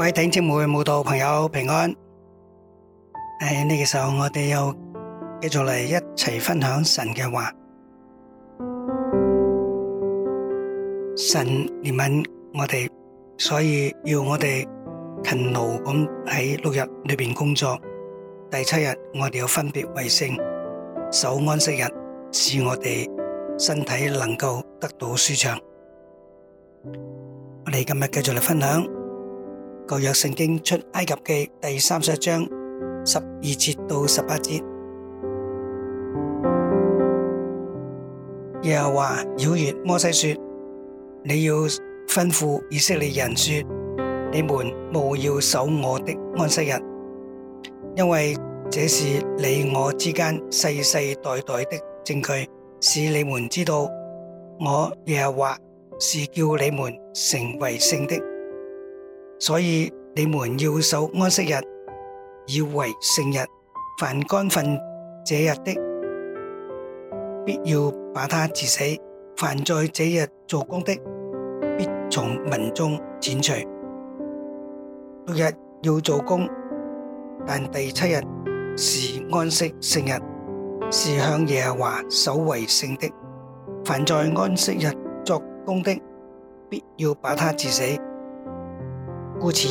各位弟兄姊妹、聽眾朋友平安。喺呢個時候，我哋又繼續嚟一齊分享神嘅話。神憐憫我哋，所以要我哋勤勞咁喺六日裏面工作。第七日，我哋要分別為聖，守安息日，使我哋身體能夠得到舒暢。我哋今日繼續嚟分享。舊約聖經出埃及記第三十一章十二節到十八節，耶和華曉諭摩西說：你要吩咐以色列人說：你們務要守我的安息日，因為這是你我之間世世代代的證據，使你們知道我耶和華是叫你們成為聖的。所以你們要守安息日，要為聖日。凡干犯這日的，必要把他治死。凡在這日做工的，必從民中剪除。六日要做工，但第七日是安息聖日，是向耶和華守為聖的。凡在安息日作工的，必要把他治死。故此，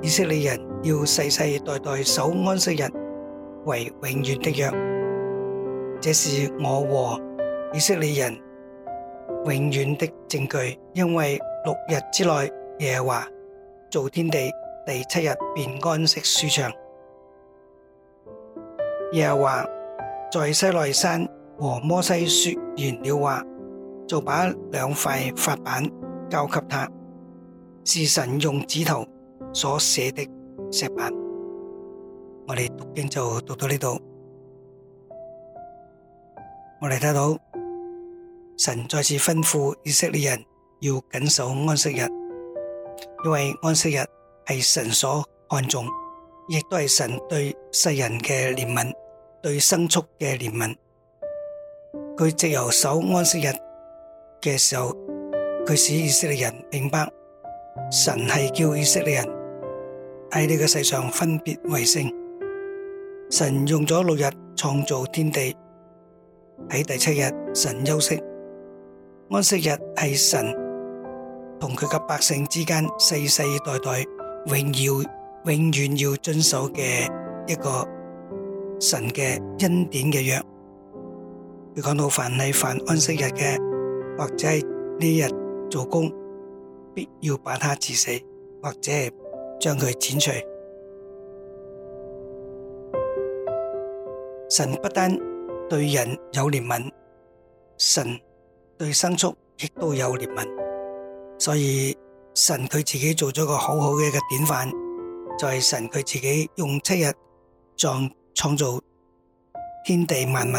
以色列人要世世代代守安息日為永遠的約，這是我和以色列人永遠的證據。因為六日之內，耶和華造天地，第七日便安息舒暢。耶和華在西奈山和摩西說完了話，就把兩塊法版交給他。是神用指頭所寫的石板，我哋讀經就讀到呢度。我哋睇到神再次吩咐以色列人要謹守安息日，因為安息日係神所看重，亦都係神對世人嘅憐憫，對牲畜嘅憐憫。佢藉由守安息日嘅時候，佢使以色列人明白。神係叫以色列人喺呢個世上分別為聖，神用咗六日創造天地，喺第七日神休息。安息日係神同佢嘅百姓之間世世代代永要永遠要遵守嘅一個神嘅恩典嘅約。佢講到凡係犯安息日嘅，或者係呢日做工，必要把他致死，或者將佢剪除。神不單對人有憐憫，神對牲畜亦都有憐憫。所以神佢自己做咗個好好嘅一個典範，就係神佢自己用七日創創造天地萬物，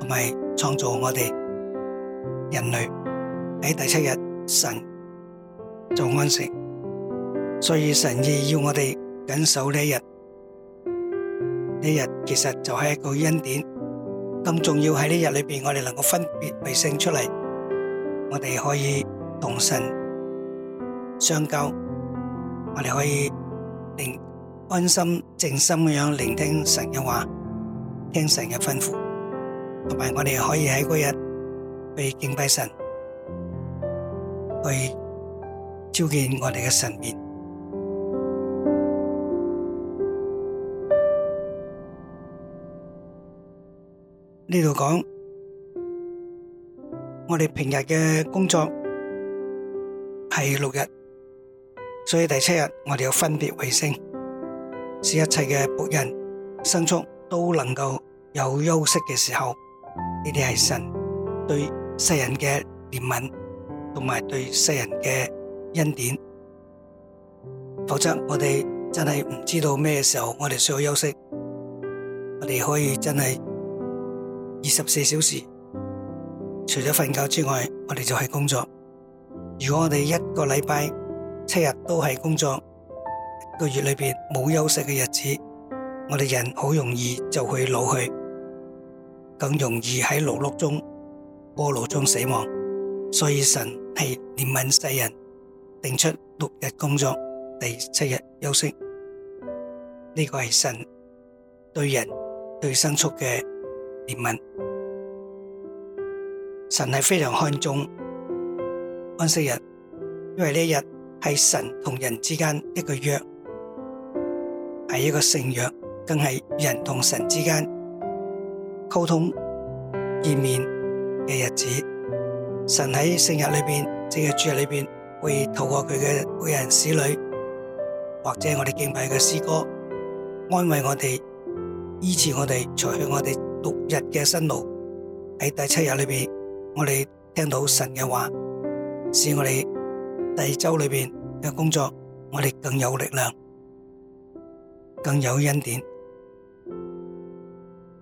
同埋創造我哋人類喺第七日。神就安息，所以神亦要我哋緊守呢一日。呢日其實就係一個恩典，咁重要喺呢日裏邊，我哋能夠分別為聖出嚟，我哋可以同神相交，我哋可以寧安心靜心咁樣聆聽神嘅話，聽神嘅吩咐，同埋我哋可以喺嗰日去敬拜神。去召見我哋嘅神面。呢度講我哋平日嘅工作係六日，所以第七日我哋要分別為聖，使一切嘅僕人、牲畜，都能夠有休息嘅時候。呢啲係神對世人嘅憐憫。同埋對世人嘅恩典，否則我哋真係唔知道咩時候我哋需要休息。我哋可以真係二十四小時，除咗瞓覺之外，我哋就係工作。如果我哋一個禮拜七日都係工作，一個月裏邊冇休息嘅日子，我哋人好容易就會老去，更容易喺勞碌中、過勞中死亡。所以神。係憐憫世人，定出六日工作，第七日休息。呢個係神對人、對牲畜嘅憐憫。神係非常看重安息日，因為呢一日係神同人之間一個約，係一個聖約，更係人同神之間溝通見面嘅日子。神喺聖日裏邊，正日主日裏邊，會透過佢嘅愛人使女，或者我哋敬拜嘅詩歌，安慰我哋。依持我哋，除去我哋六日嘅辛勞，喺第七日裏邊，我哋聽到神嘅話，使我哋第二周裏邊嘅工作，我哋更有力量，更有恩典。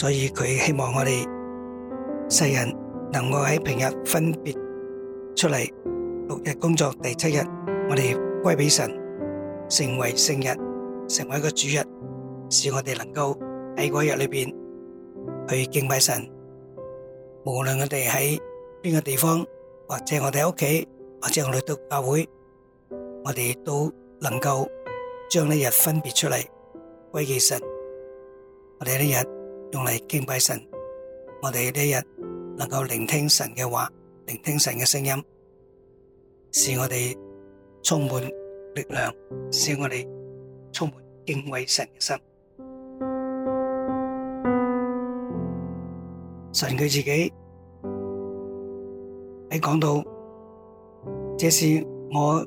所以佢希望我哋世人能夠喺平日分別出嚟，六日工作，第七日我哋歸俾神，成爲聖日，成爲一個主日，使我哋能夠喺嗰日裏邊去敬拜神。無論我哋喺邊個地方，或者我哋喺屋企，或者我哋到教會，我哋都能夠將呢日分別出嚟歸畀神。我哋呢日。用嚟敬拜神，我哋呢一日能夠聆聽神嘅話，聆聽神嘅聲音，使我哋充滿力量，使我哋充滿敬畏神嘅心。神佢自己喺講到，這是我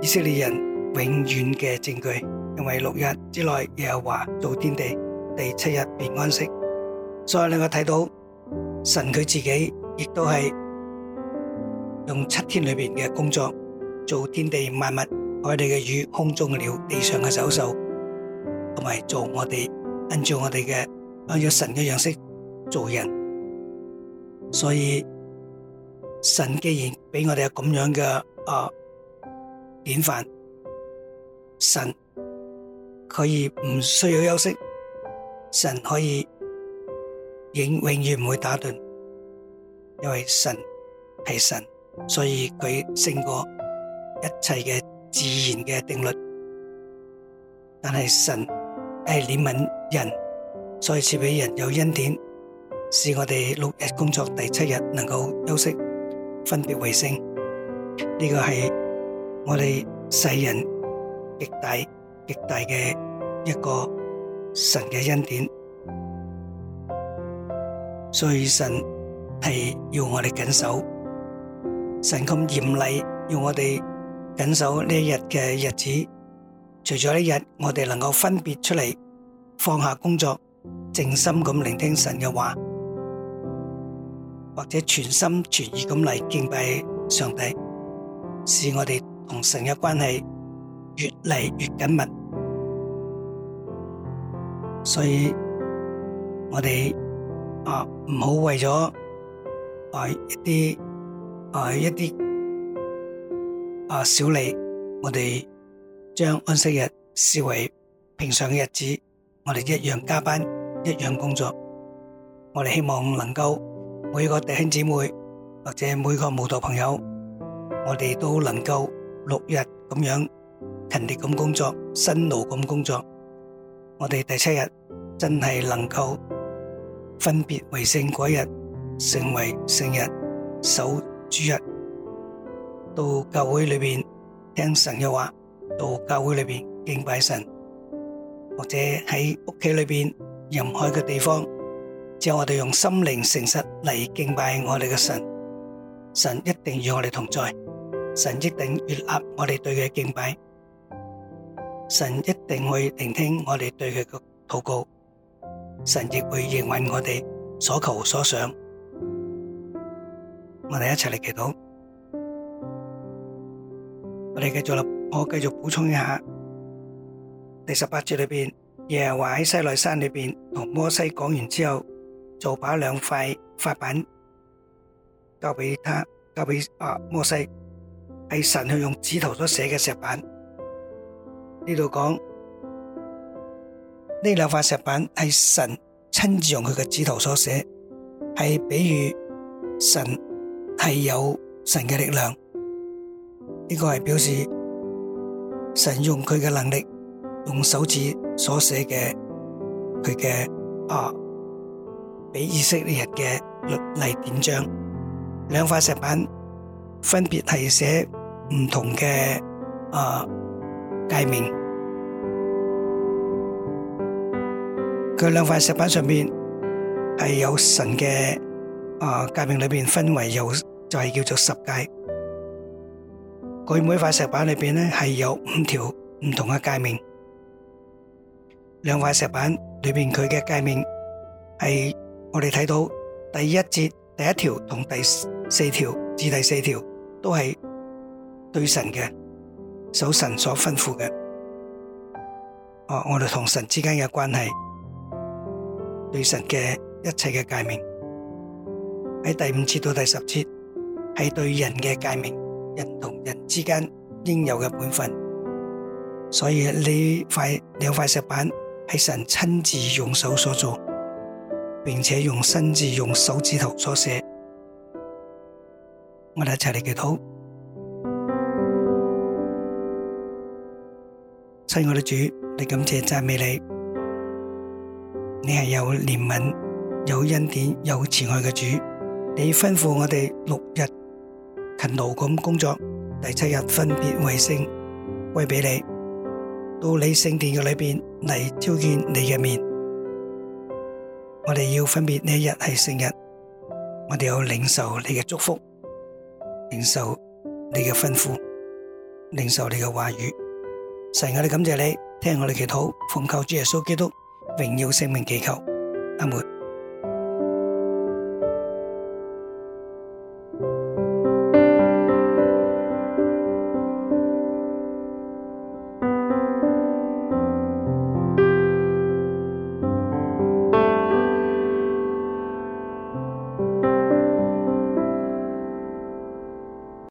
以色列人永遠嘅證據，因為六日之內耶和華造天地。第七日便安息，所以你我睇到神佢自己亦都係用七天裏邊嘅工作做天地萬物，海裏嘅魚、空中嘅鳥、地上嘅走獸，同埋做我哋，按照我哋嘅，按照神嘅樣式做人。所以神既然俾我哋咁樣嘅啊典範，神佢而唔需要休息。神可以永永遠唔會打斷，因為神係神，所以佢勝過一切嘅自然嘅定律。但係神係憐憫人，所以賜俾人有恩典，使我哋六日工作，第七日能夠休息，分別為聖。呢個係我哋世人極大極大嘅一個。神嘅恩典，所以神係要我哋緊守，神咁嚴厲要我哋緊守呢一日嘅日子。除咗呢一日，我哋能夠分別出嚟放下工作，靜心咁聆聽神嘅話，或者全心全意咁嚟敬拜上帝，使我哋同神嘅關係越嚟越緊密。所以，我哋啊唔好為咗啊一啲啊一啲啊小利，我哋將安息日視為平常嘅日子，我哋一樣加班，一樣工作。我哋希望能夠每個弟兄姊妹或者每個慕道朋友，我哋都能夠六日咁樣勤力咁工作，辛勞咁工作。我哋第七日真係能夠分別為聖嗰日，成為聖日，守主日，到教會裏面聽神嘅話，到教會裏面敬拜神，或者喺屋企裏面任何嘅地方，只要我哋用心靈誠實嚟敬拜我哋嘅神，神一定與我哋同在，神一定悅納我哋對佢嘅敬拜。神一定會聆聽我哋對佢嘅禱告，神亦會應允我哋所求所想。我哋一齊嚟祈禱。我哋繼續啦，我繼續補充一下。第十八節裏邊，耶和華喺西奈山裏邊同摩西講完之後，就把兩塊法板交俾他，交俾啊摩西，係神去用指頭所寫嘅石板。呢度講，呢兩塊石板係神親自用佢嘅指頭所寫，係比喻神係有神嘅力量。呢個係表示神用佢嘅能力，用手指所寫嘅佢嘅啊，俾以色列人嘅律例典章。兩塊石板分別係寫唔同嘅啊。誡命，佢兩塊石板上面係有神嘅啊，誡命裏邊分為有，就係叫做十誡。佢每塊石板裏邊咧係有五條唔同嘅誡命。兩塊石板裏邊佢嘅誡命，係我哋睇到第一節第一條同第四條至第四條都係對神嘅，守神所吩咐嘅，哦，我哋同神之間嘅關係，對神嘅一切嘅誡命，喺第五節到第十節，係對人嘅誡命，人同人之間應有嘅本分。所以呢塊兩塊石板係神親自用手所做，並且用親自用手指頭所寫。我哋一齊嚟祈禱。親愛的主，你感謝讚美你，你係有憐憫、有恩典、有慈愛嘅主。你吩咐我哋六日勤勞咁工作，第七日分別為聖歸俾你，到你聖殿嘅裏邊嚟召見你嘅面。我哋要分別呢一日係聖日，我哋要領受你嘅祝福，領受你嘅吩咐，領受你嘅話語。神，我哋感謝你聽我哋祈禱，奉靠主耶穌基督榮耀聖名祈求阿門。